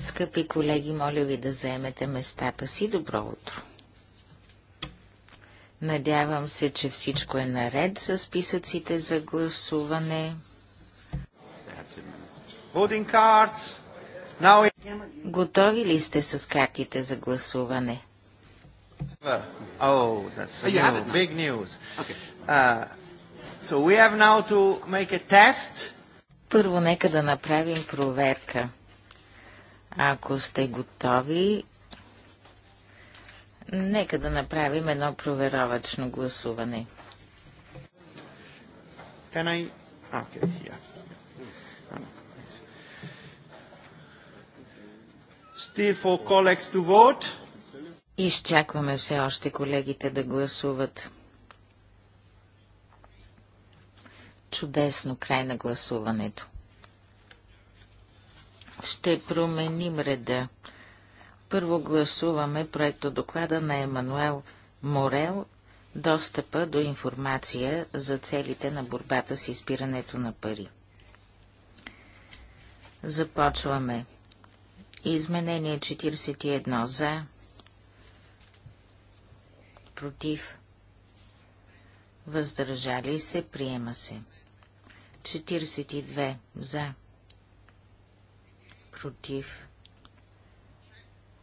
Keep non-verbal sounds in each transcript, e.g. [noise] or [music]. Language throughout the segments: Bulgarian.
Скъпи колеги, моля ви да заемете местата си. Добро утро. Надявам се, че всичко е наред с списъците за гласуване. Готови ли сте с картите за гласуване? Oh, that's oh, new, big news. Okay. Uh, So we have now to make a test. Първо нека да направим проверка. Ако сте готови, нека да направим едно проверовачно гласуване. Can I... Okay, here. Still for colleagues to vote. Изчакваме все още колегите да гласуват. Чудесно, край на гласуването. Ще променим реда. Първо гласуваме проекто доклада на Емануел Морел достъпа до информация за целите на борбата с изпирането на пари. Започваме. Изменение 41 за, против, въздържали се, приема се. 42 за. Против.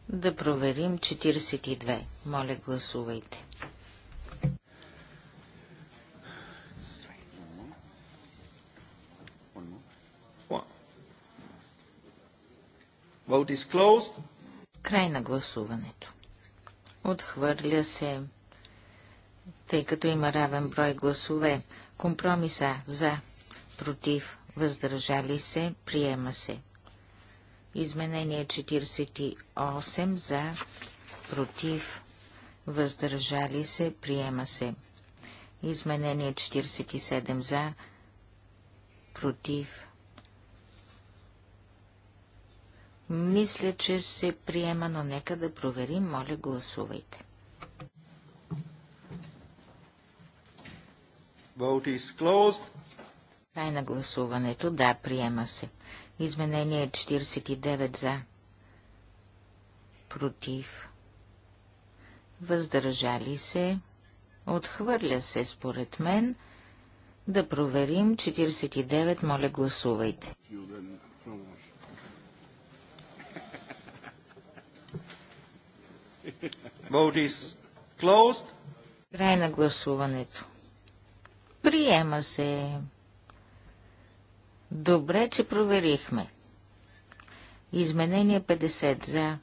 Да проверим 42. Моля, гласувайте. Vote is closed. Край на гласуването. Отхвърля се, тъй като има равен брой гласове. Компромиса за, против, въздържали се, приема се. Изменение 48 за, против, въздържали се, приема се. Изменение 47 за, против. Мисля, че се приема, но нека да проверим. Моля, гласувайте. Vote is closed. Край на гласуването. Да, приема се. Изменение 49 за. Против. Въздържали се. Отхвърля се, според мен. Да проверим. 49, моля, гласувайте. Край на гласуването. Приема се. Добре, че проверихме. Изменение 50 за.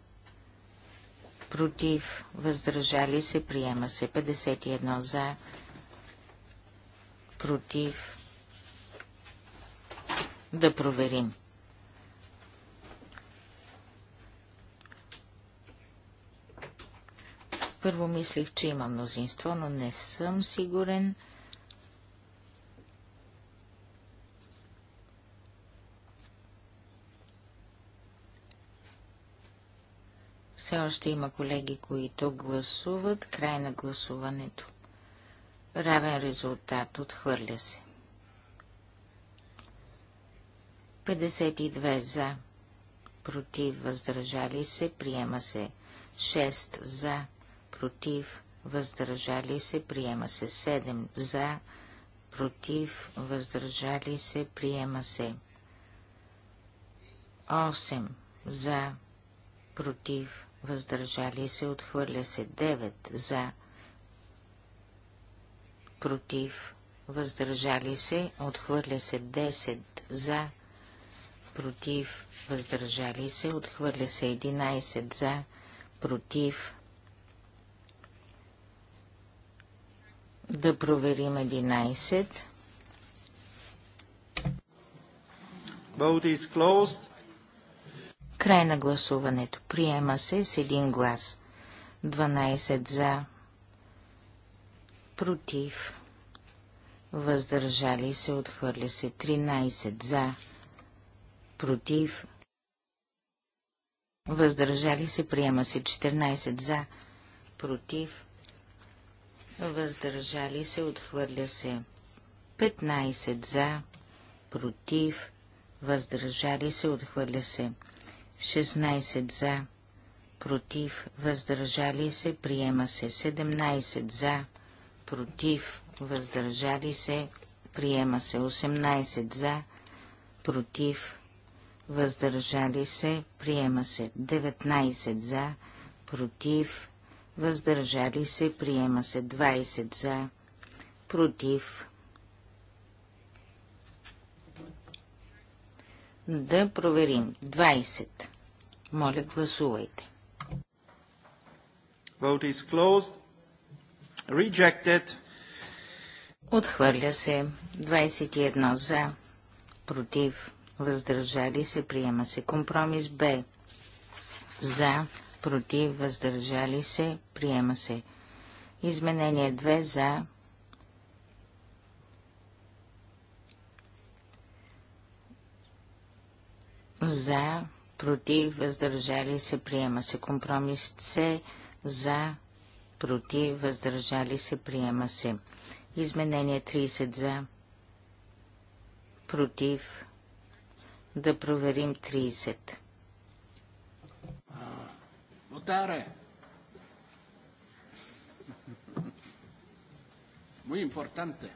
Против. Въздържали се. Приема се. 51 за. Против. Да проверим. Първо мислих, че има мнозинство, но не съм сигурен. Все още има колеги, които гласуват. Край на гласуването. Равен резултат. Отхвърля се. 52 за. Против. Въздържали се. Приема се. 6 за. Против. Въздържали се. Приема се. 7 за. Против. Въздържали се. Приема се. 8 за. Против въздържали се, отхвърля се 9 за, против, въздържали се, отхвърля се 10 за, против, въздържали се, отхвърля се 11 за, против. Да проверим 11. Vote is closed. Край на гласуването. Приема се с един глас. 12 за. Против. Въздържали се. Отхвърля се. 13 за. Против. Въздържали се. Приема се. 14 за. Против. Въздържали се. Отхвърля се. 15 за. Против. Въздържали се. Отхвърля се. 16 за, против, въздържали се, приема се 17 за, против, въздържали се, приема се 18 за, против, въздържали се, приема се 19 за, против, въздържали се, приема се 20 за, против, Да проверим. 20. Моля, гласувайте. Vote is closed. Rejected. Отхвърля се. 21 за. Против. Въздържали се. Приема се. Компромис Б. За. Против. Въздържали се. Приема се. Изменение 2 за. за, против, въздържали се, приема се. Компромис С, за, против, въздържали се, приема се. Изменение 30 за, против, да проверим 30. Muy importante.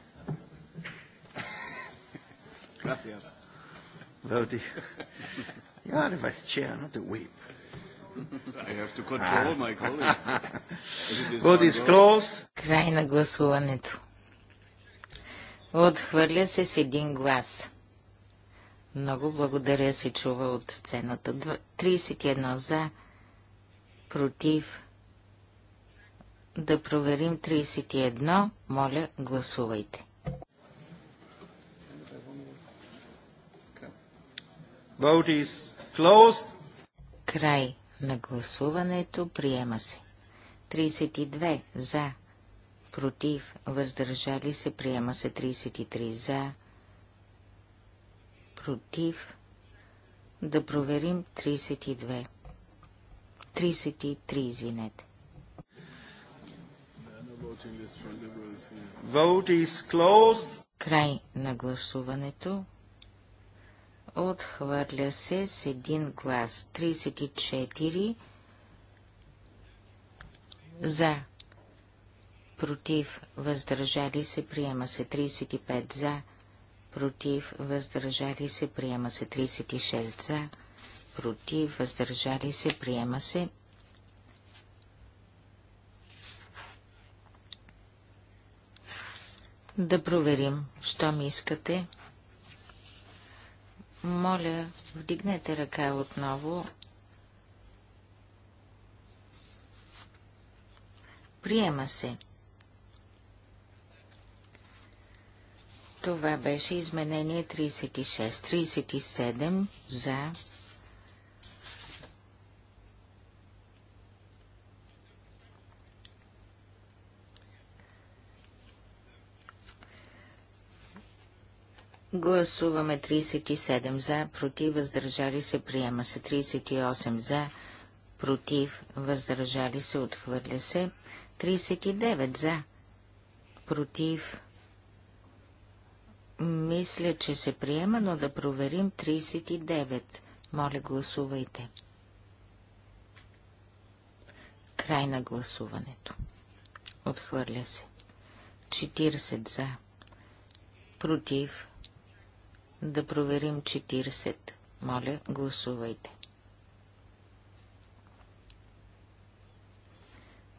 [laughs] Gracias voting. [laughs] You are the vice chair, not the whip. I have to control ah. my colleagues. [laughs] Vote is closed. Край на гласуването. Отхвърля се с един глас. Много благодаря се чува от сцената. 31 за, против. Да проверим 31. Моля, гласувайте. Vote is closed. Край на гласуването. Приема се. 32 за. Против. Въздържали се. Приема се. 33 за. Против. Да проверим 32. 33, извинете. Vote is closed. Край на гласуването. Отхвърля се с един глас. 34 за. Против. Въздържали се. Приема се. 35 за. Против. Въздържали се. Приема се. 36 за. Против. Въздържали се. Приема се. Да проверим, що ми искате. Моля, вдигнете ръка отново. Приема се. Това беше изменение 36. 37 за, Гласуваме 37 за, против, въздържали се, приема се 38 за, против, въздържали се, отхвърля се 39 за, против. Мисля, че се приема, но да проверим 39. Моля, гласувайте. Край на гласуването. Отхвърля се. 40 за. Против. Да проверим 40. Моля, гласувайте.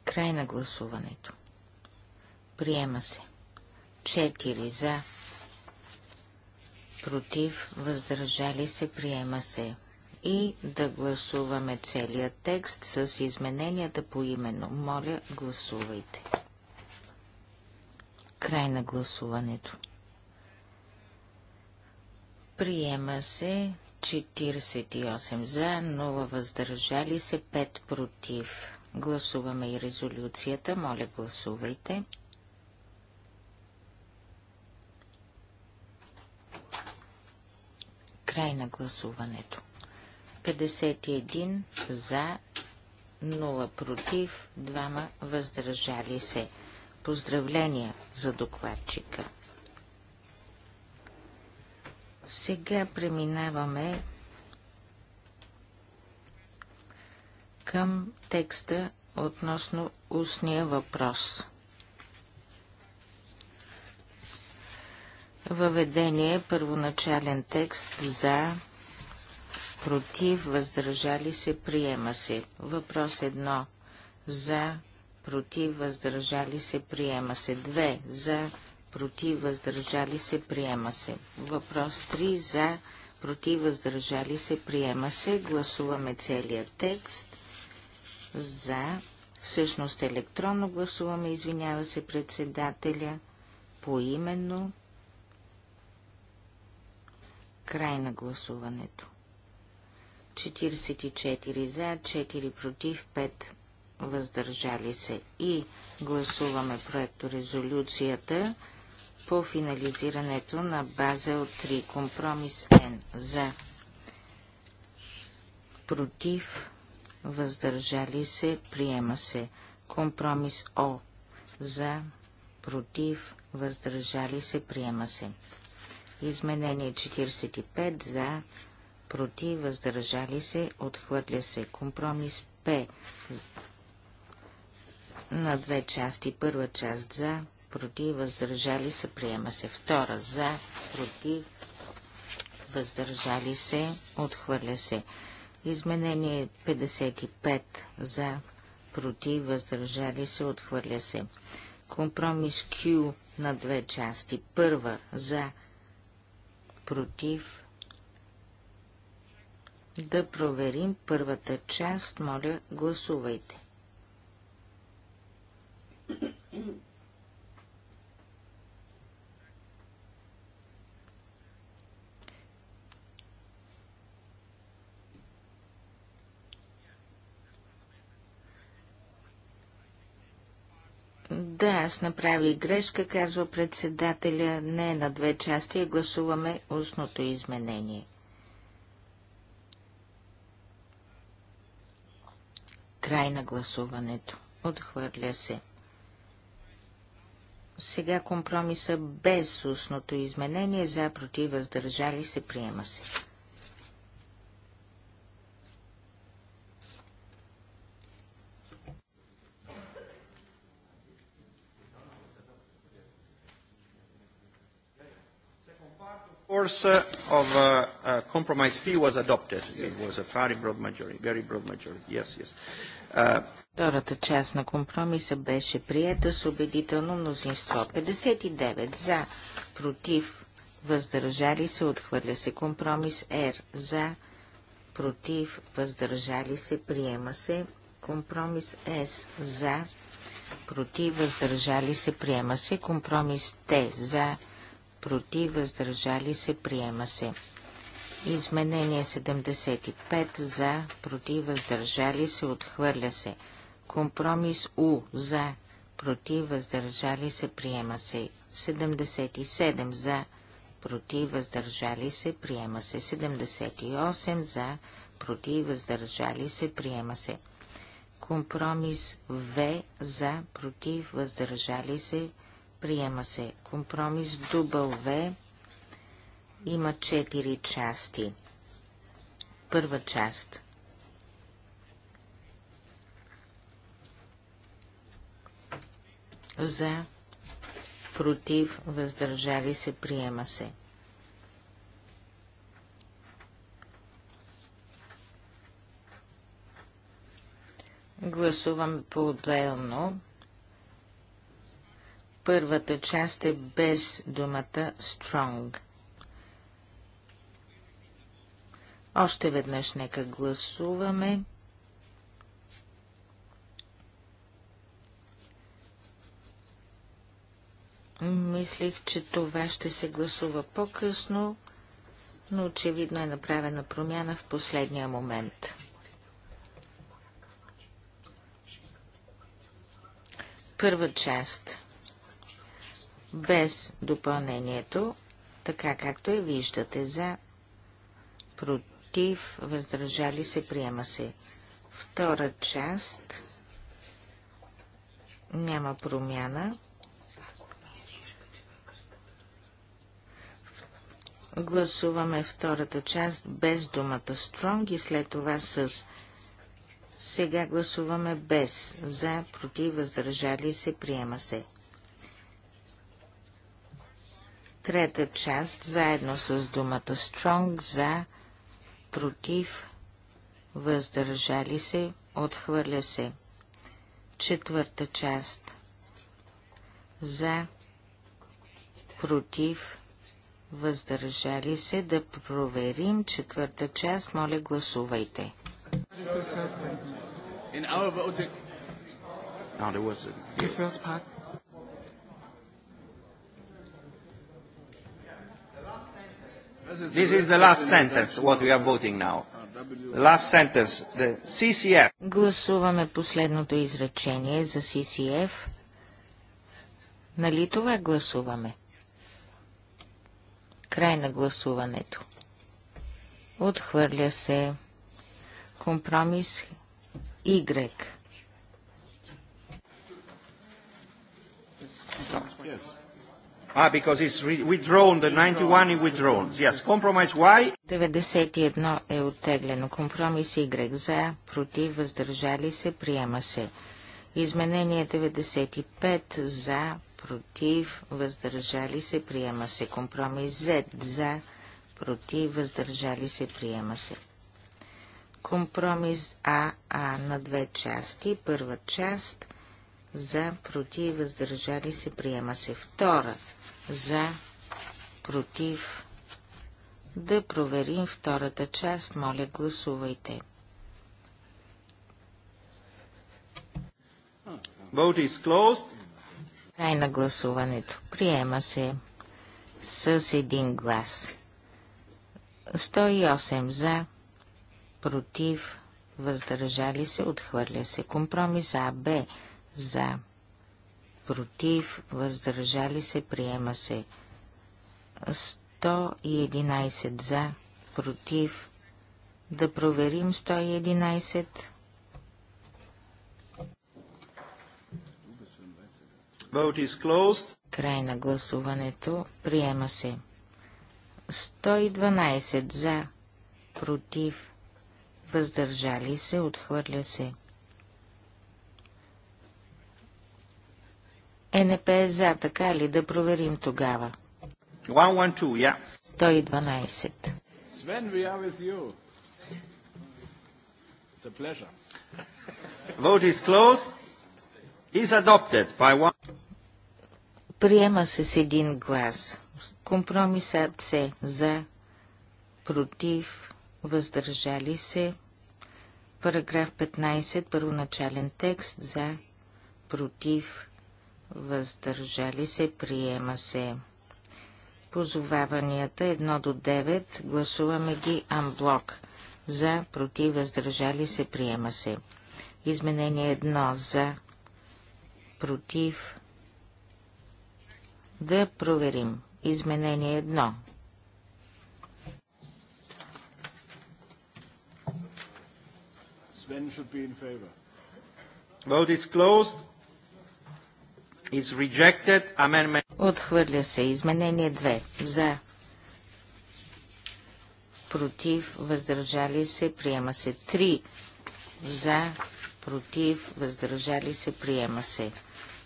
Край на гласуването. Приема се. 4 за. Против, въздържали се, приема се. И да гласуваме целият текст с измененията по именно. Моля, гласувайте. Край на гласуването. Приема се 48 за, 0 въздържали се, 5 против. Гласуваме и резолюцията. Моля, гласувайте. Край на гласуването. 51 за, 0 против, 2 въздържали се. Поздравления за докладчика. Сега преминаваме към текста относно устния въпрос. Въведение първоначален текст за против, въздържали се, приема се. Въпрос едно. За, против, въздържали се, приема се. Две. За, против, въздържали се, приема се. Въпрос 3 за, против, въздържали се, приема се. Гласуваме целият текст за, всъщност електронно гласуваме, извинява се председателя, поименно, край на гласуването. 44 за, 4 против, 5 въздържали се. И гласуваме проекто резолюцията по финализирането на база от 3. Компромис Н. За. Против. Въздържали се. Приема се. Компромис О. За. Против. Въздържали се. Приема се. Изменение 45. За. Против. Въздържали се. Отхвърля се. Компромис П. На две части. Първа част за против, въздържали се, приема се. Втора за, против, въздържали се, отхвърля се. Изменение 55 за, против, въздържали се, отхвърля се. Компромис Q на две части. Първа за, против. Да проверим първата част. Моля, гласувайте. Да, аз направих грешка, казва председателя. Не на две части, а гласуваме устното изменение. Край на гласуването. Отхвърля се. Сега компромиса без устното изменение за против въздържали се приема се. course uh, of uh, uh, compromise fee was adopted. Yes. It was a very broad majority, very broad majority. Yes, yes. Uh, Втората част на компромиса беше приета с убедително мнозинство. 59 за, против, въздържали се, отхвърля се. Компромис Р за, против, въздържали се, приема се. Компромис С за, против, въздържали се, приема се. Компромис Т за, против, против, въздържали се, приема се. Изменение 75 за, против, въздържали се, отхвърля се. Компромис У за, против, въздържали се, приема се. 77 за, против, въздържали се, приема се. 78 за, против, въздържали се, приема се. Компромис В за, против, въздържали се, Приема се компромис W. Има четири части. Първа част. За, против, въздържали се, приема се. Гласувам по-отделно Първата част е без думата strong. Още веднъж нека гласуваме. Мислих, че това ще се гласува по-късно, но очевидно е направена промяна в последния момент. Първа част без допълнението, така както и виждате за, против, въздържали се, приема се. Втора част няма промяна. Гласуваме втората част без думата Strong и след това с сега гласуваме без, за, против, въздържали се, приема се. Трета част, заедно с думата Strong, за, против, въздържали се, отхвърля се. Четвърта част, за, против, въздържали се, да проверим четвърта част, моля гласувайте. In our voting... No, there was a... This is the last sentence, what we are voting now. The last sentence, the CCF. Гласуваме последното изречение за CCF. Нали това гласуваме? Край на гласуването. Отхвърля се компромис Y. Yes. А, ah, because it's withdrawn, the 91 is withdrawn. Yes, compromise Y. 91 е оттеглено. Компромис Y за, против, въздържали се, приема се. Изменение 95 за, против, въздържали се, приема се. Компромис Z за, против, въздържали се, приема се. Компромис АА на две части. Първа част за, против, въздържали се, приема се. Втора за, против. Да проверим втората част. Моля, гласувайте. Vote is closed. Край на гласуването. Приема се с един глас. 108 за, против, въздържали се, отхвърля се. Компромис А, Б, за, против, въздържали се, приема се. 111 за, против. Да проверим 111. Vote is closed. Край на гласуването. Приема се. 112 за, против, въздържали се, отхвърля се. НП е за, така ли? Да проверим тогава. 112, yeah. 112. Свен, we are with you. It's a pleasure. Vote is closed. He's adopted by one... Приема се с един глас. Компромисът се за, против, въздържали се. Параграф 15, първоначален текст за, против, въздържали се, приема се. Позоваванията 1 до 9 гласуваме ги анблок. За, против, въздържали се, приема се. Изменение 1 за, против. Да проверим. Изменение 1. Sven should be in favor. Vote is closed. Отхвърля се. Изменение 2. За. Против. Въздържали се. Приема се. 3. За. Против. Въздържали се. Приема се.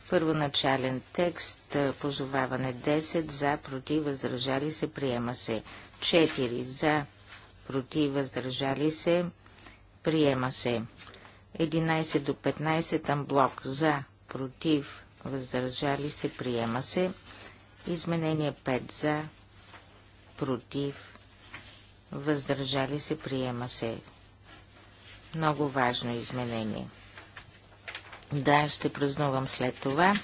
Първоначален текст. Е, позоваване 10. За. Против. Въздържали се. Приема се. 4. За. Против. Въздържали се. Приема се. 11 до 15. Амблок. За. Против въздържали се, приема се. Изменение 5 за, против, въздържали се, приема се. Много важно изменение. Да, ще празнувам след това.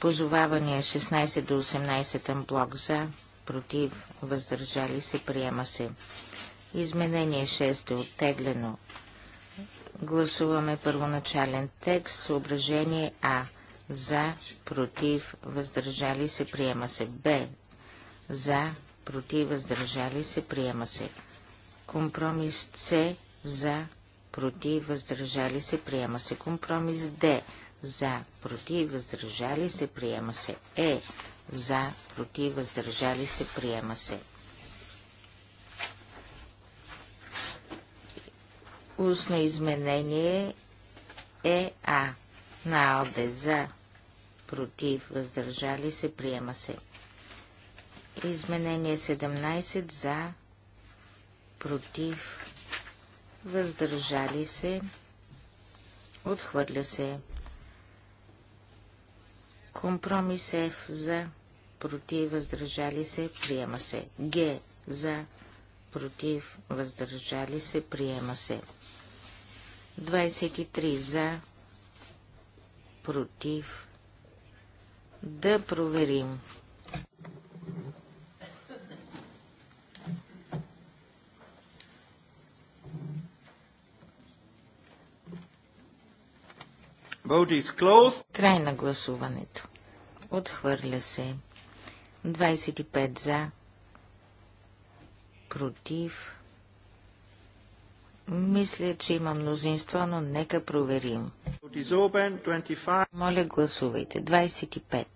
Позовавания 16 до 18 блок за, против, въздържали се, приема се. Изменение 6 е оттеглено. Гласуваме първоначален текст, съображение А за, против, въздържали се, приема се. Б. За, против, въздържали се, приема се. Компромис С. За, против, въздържали се, приема се. Компромис Д. За, против, въздържали се, приема се. Е. За, против, въздържали се, приема се. Устно изменение е А. на АЛДЕ за против, въздържали се, приема се. Изменение 17 за, против, въздържали се, отхвърля се. Компромис F за, против, въздържали се, приема се. Г за, против, въздържали се, приема се. 23 за, против, да проверим. Край на гласуването. Отхвърля се. 25 за. Против. Мисля, че има мнозинство, но нека проверим. Моля, гласувайте. 25.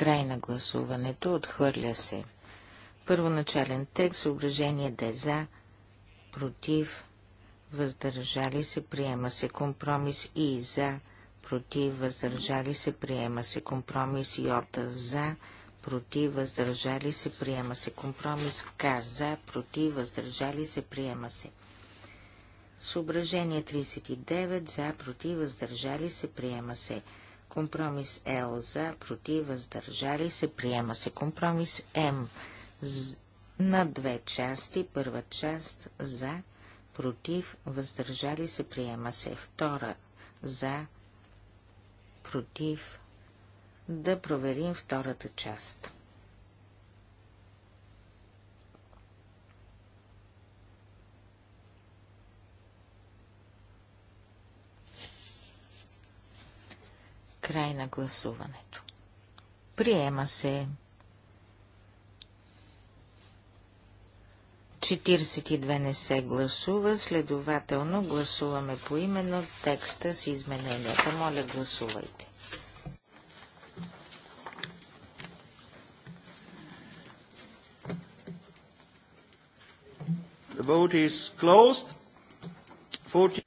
Край на гласуването. Отхвърля се. Първоначален текст. Съображение е за. Против. Въздържали се. Приема се. Компромис И за. Против. Въздържали се. Приема се. Компромис от за против, въздържали се, приема се. Компромис Каза, за, против, въздържали се, приема се. Съображение 39 за, против, въздържали се, приема се. Компромис Л за, против, въздържали се, приема се. Компромис М на две части. Първа част за, против, въздържали се, приема се. Втора за, против. Да проверим втората част. Край на гласуването. Приема се. 42 не се гласува, следователно гласуваме по именно текста с измененията. Моля, гласувайте. The vote is closed. 40...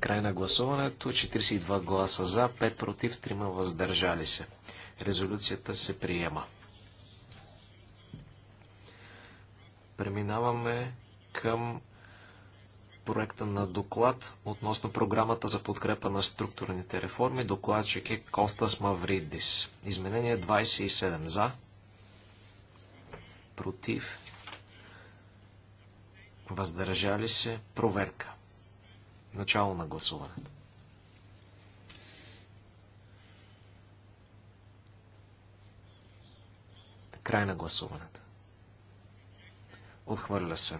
Край на гласуването. 42 гласа за, 5 против, 3 въздържали се. Резолюцията се приема. Преминаваме към проекта на доклад относно програмата за подкрепа на структурните реформи. Докладчик е Костас Мавридис. Изменение 27 за, против, въздържали се, проверка. Начало на гласуването. Край на гласуването. Отхвърля се.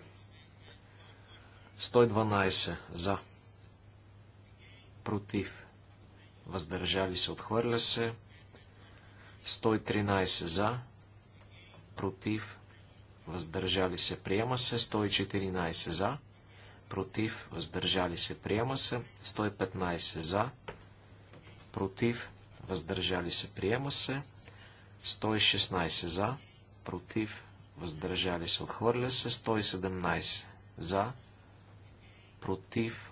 112 за. Против. Въздържали се. Отхвърля се. 113 за. Против. Въздържали се. Приема се. 114 за против, въздържали се, приема се. 115 за, против, въздържали се, приема се. 116 за, против, въздържали се, отхвърля се. 117 за, против,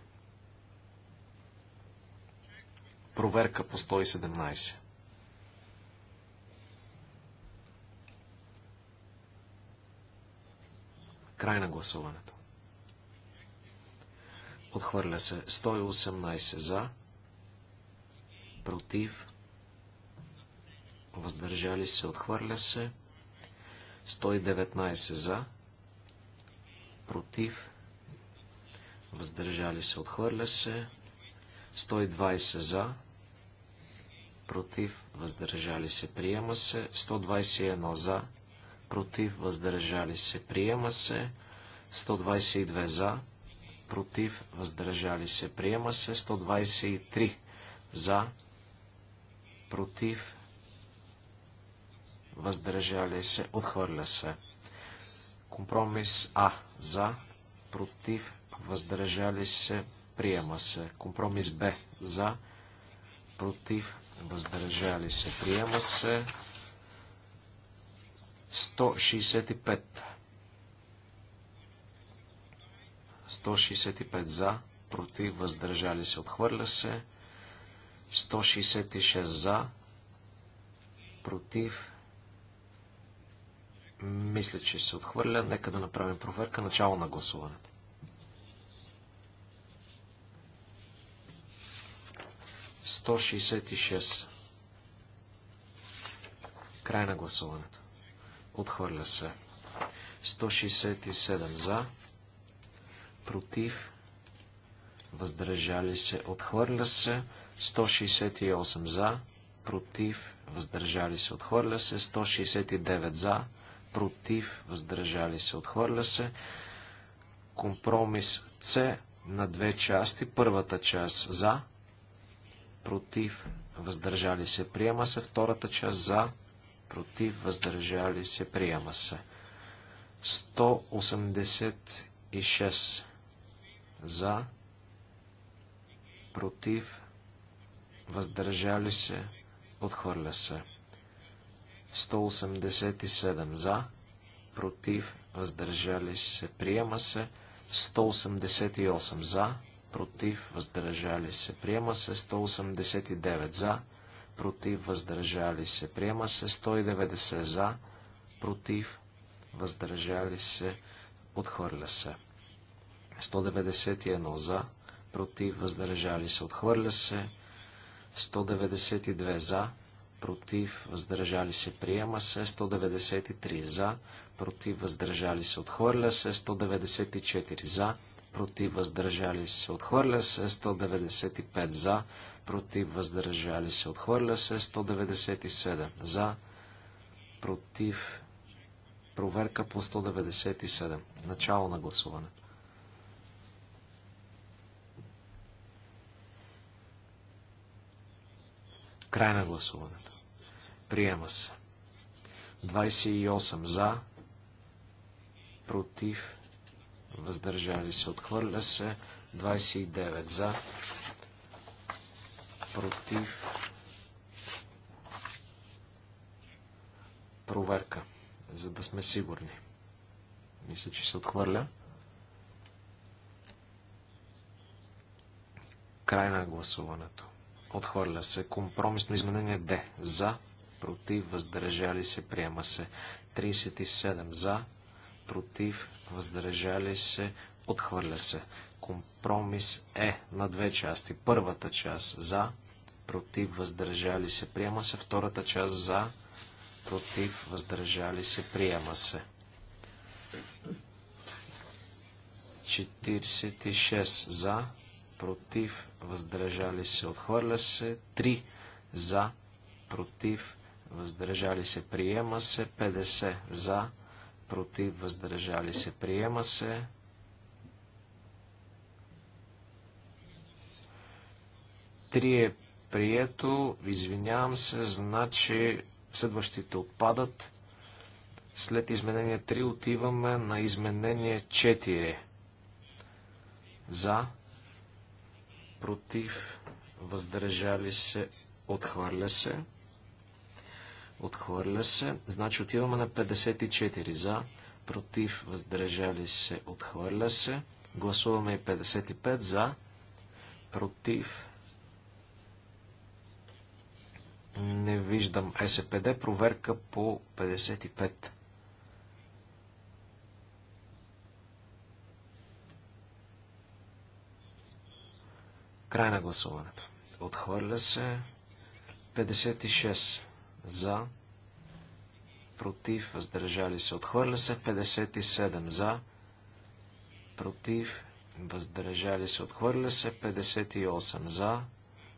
проверка по 117. Край на гласуването. Отхвърля се. 118 за. Против. Въздържали се. Отхвърля се. 119 за. Против. Въздържали се. Отхвърля се. 120 за. Против. Въздържали се. Приема се. 121 за. Против. Въздържали се. Приема се. 122 за против, въздържали се. Приема се 123 за, против, въздържали се, отхвърля се. Компромис А за, против, въздържали се, приема се. Компромис Б за, против, въздържали се, приема се. 165 165 за, против, въздържали се, отхвърля се. 166 за, против, мисля, че се отхвърля. Нека да направим проверка. Начало на гласуването. Сто и шест. Край на гласуването. Отхвърля се. 167 за, против, въздържали се, отхвърля се, 168 за, против, въздържали се, отхвърля се, 169 за, против, въздържали се, отхвърля се, компромис С на две части, първата част за, против, въздържали се, приема се, втората част за, против, въздържали се, приема се. 186 за, против, въздържали се, отхвърля се. 187 за, против, въздържали се, приема се. 188 за, против, въздържали се, приема се. 189 за, против, въздържали се, приема се. 190 за, против, въздържали се, отхвърля се. 191 за, против, въздържали се, отхвърля се. 192 за, против, въздържали се, приема се. 193 за, против, въздържали се, отхвърля се. 194 за, против, въздържали се, отхвърля се. 195 за, против, въздържали се, отхвърля се. 197 за, против, проверка по 197. Начало на гласуването. Край на гласуването. Приема се. 28 за, против, въздържали се. Отхвърля се. 29 за, против, проверка, за да сме сигурни. Мисля, че се отхвърля. Край на гласуването. Отхвърля се. Компромисно изменение Д. За. Против. Въздържали се. Приема се. 37. За. Против. Въздържали се. Отхвърля се. Компромис Е на две части. Първата част за, против, въздържали се, приема се. Втората част за, против, въздържали се, приема се. 46 за, против, въздържали се, отхвърля се. 3 за, против, въздържали се, приема се. 50 за, против, въздържали се, приема се. Три е прието, извинявам се, значи следващите отпадат. След изменение 3 отиваме на изменение 4. За, против, въздържали се, отхвърля се. Отхвърля се. Значи отиваме на 54 за, против, въздържали се, отхвърля се. Гласуваме и 55 за, против. Не виждам СПД. Проверка по 55. Край на гласуването. Отхвърля се 56 за, против, въздържали се. Отхвърля се 57 за, против, въздържали се. Отхвърля се 58 за,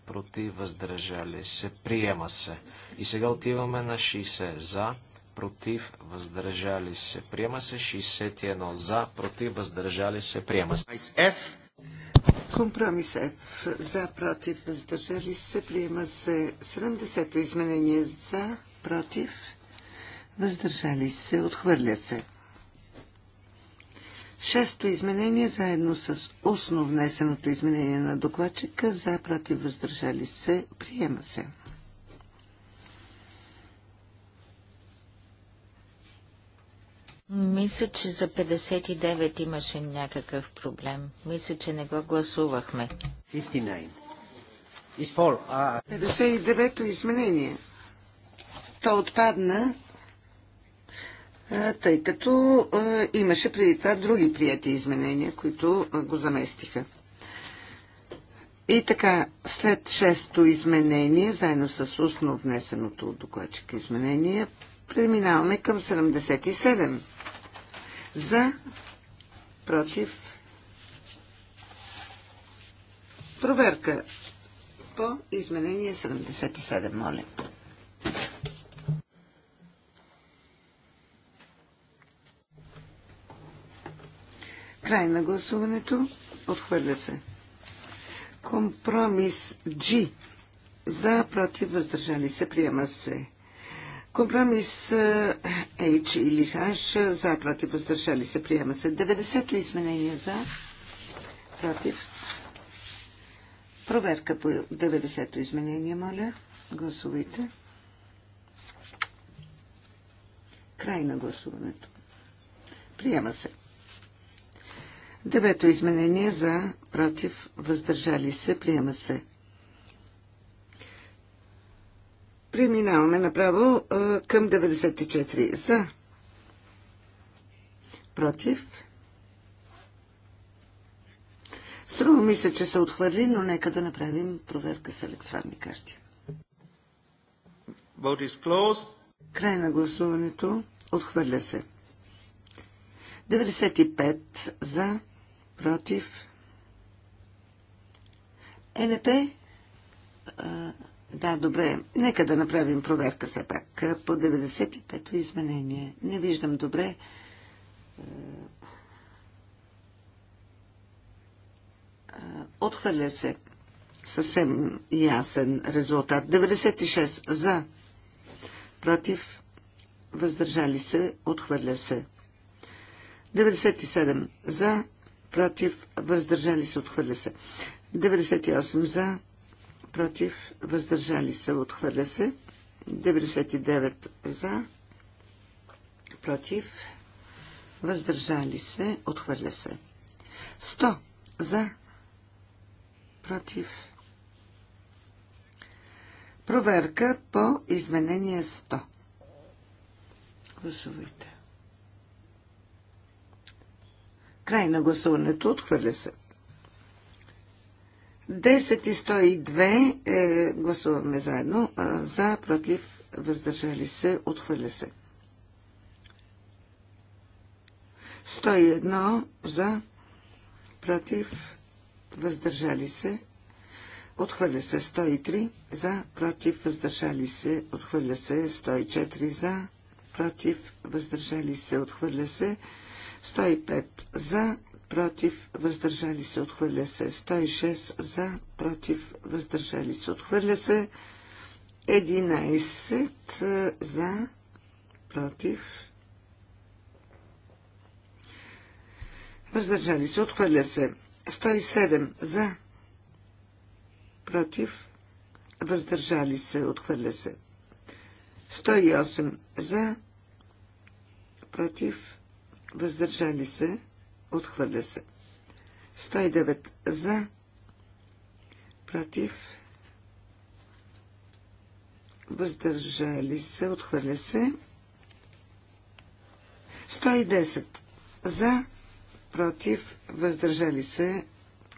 против, въздържали се. Приема се. И сега отиваме на 60 за, против, въздържали се. Приема се 61 за, против, въздържали се. Приема се. Компромис за, против, въздържали се. Приема се 70-то изменение за, против, въздържали се. Отхвърля се. Шесто изменение заедно с основнесеното изменение на докладчика за, против, въздържали се. Приема се. Мисля, че за 59 имаше някакъв проблем. Мисля, че не го гласувахме. 59. 59-то изменение. То отпадна, тъй като имаше преди това други прияти изменения, които го заместиха. И така, след шесто изменение, заедно с устно внесеното от докладчика изменение, преминаваме към 77. За, против. Проверка по изменение 77, моля. Край на гласуването. Отхвърля се. Компромис G. За, против, въздържали се. Приема се. Компромис H или H за, против, въздържали се, приема се. 90-то изменение за, против. Проверка по 90-то изменение, моля. Гласувайте. Край на гласуването. Приема се. Девето изменение за, против, въздържали се, приема се. Преминаваме направо към 94. За. Против. Струва ми се, че се отхвърли, но нека да направим проверка с електронни карти. Край на гласуването. Отхвърля се. 95 за, против. Е, НП. Да, добре. Нека да направим проверка все пак. По 95-то изменение. Не виждам добре. Е, отхвърля се съвсем ясен резултат. 96 за, против, въздържали се, отхвърля се. 97 за, против, въздържали се, отхвърля се. 98 за, против, въздържали се, отхвърля се. 99 за, против, въздържали се, отхвърля се. 100 за, против. Проверка по изменение 100. Гласувайте. Край на гласуването отхвърля се. 10 и 102 е, гласуваме заедно. За, против, въздържали се, отхвърля се. 101 за, против, въздържали се, отхвърля се 103 за, против, въздържали се, отхвърля се 104 за, против, въздържали се, отхвърля се 105 за, против, въздържали се, отхвърля се. 106 за, против, въздържали се, отхвърля се. 11 за, против, въздържали се, отхвърля се. 107 за, против, въздържали се, отхвърля се. 108 за, против, въздържали се, Отхвърля се. 109 за. Против. Въздържали се. Отхвърля се. 110 за. Против. Въздържали се.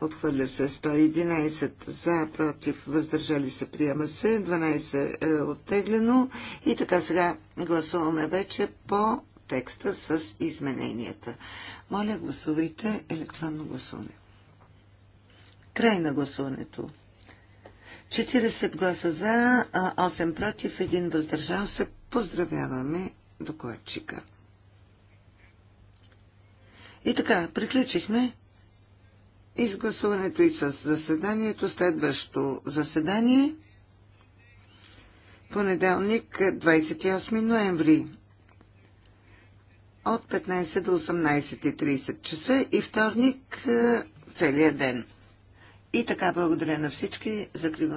Отхвърля се 111 за, против, въздържали се, приема се, 12 е оттеглено. И така сега гласуваме вече по текста с измененията. Моля, гласувайте електронно гласуване. Край на гласуването. 40 гласа за, 8 против, 1 въздържал се. Поздравяваме докладчика. И така, приключихме изгласуването и с заседанието. Следващо заседание понеделник, 28 ноември от 15 до 18.30 часа и вторник е, целият ден. И така благодаря на всички. Закривам.